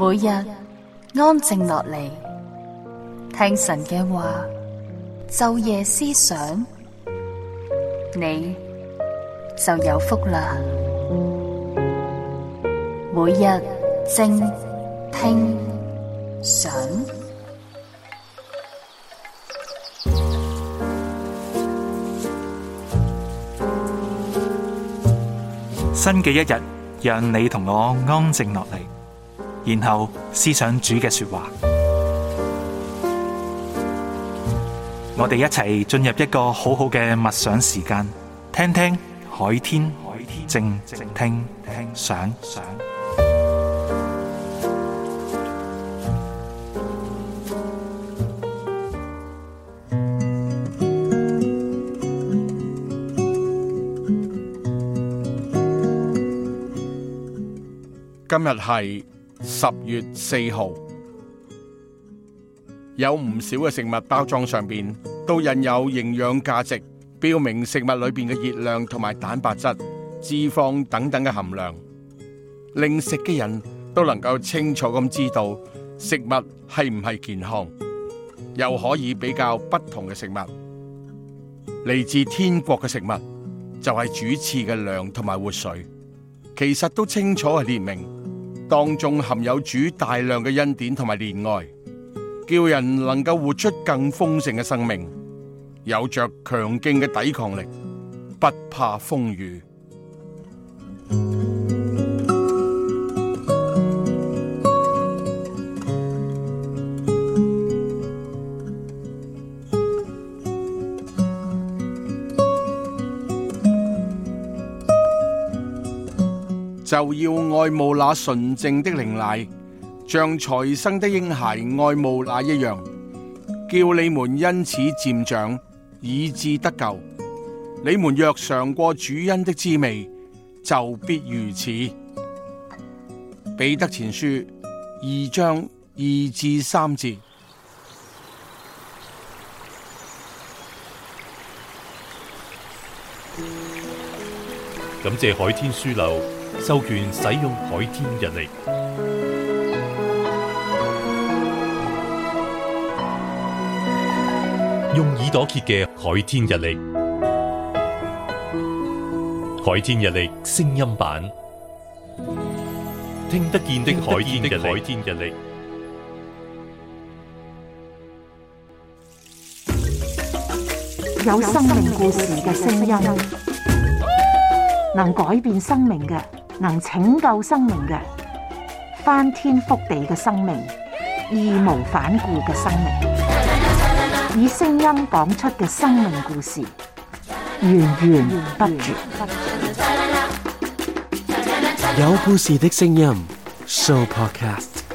每日安靜落嚟，聽神嘅話，晝夜思想，你就有福啦。每日靜聽想，新嘅一日，讓你同我安靜落嚟。然後思想主嘅說話，嗯、我哋一齊進入一個好好嘅默想時間，聽聽海天，海天靜靜，靜，靜聽聽想想。今日係。十月四號，有唔少嘅食物包裝上邊都印有營養價值，標明食物裏邊嘅熱量同埋蛋白質、脂肪等等嘅含量，令食嘅人都能夠清楚咁知道食物係唔係健康，又可以比較不同嘅食物。嚟自天國嘅食物就係、是、主賜嘅糧同埋活水，其實都清楚咁列明。當中含有主大量嘅恩典同埋憐愛，叫人能夠活出更豐盛嘅生命，有着強勁嘅抵抗力，不怕風雨。就要愛慕那純淨的靈奶，像才生的嬰孩愛慕那一樣，叫你們因此漸長，以致得救。你們若嘗過主恩的滋味，就必如此。彼得前書二章二至三節。感謝海天書樓。授權使用海天日曆，用耳朵揭嘅海天日曆，海天日曆聲音版，聽得見的海天日曆，有生命故事嘅聲音，能改變生命嘅，能拯救生命嘅翻天覆地嘅生命，義無反顧嘅生命，以聲音講出嘅生命故事，源源不絕。有故事嘅聲音，Sooo Podcast。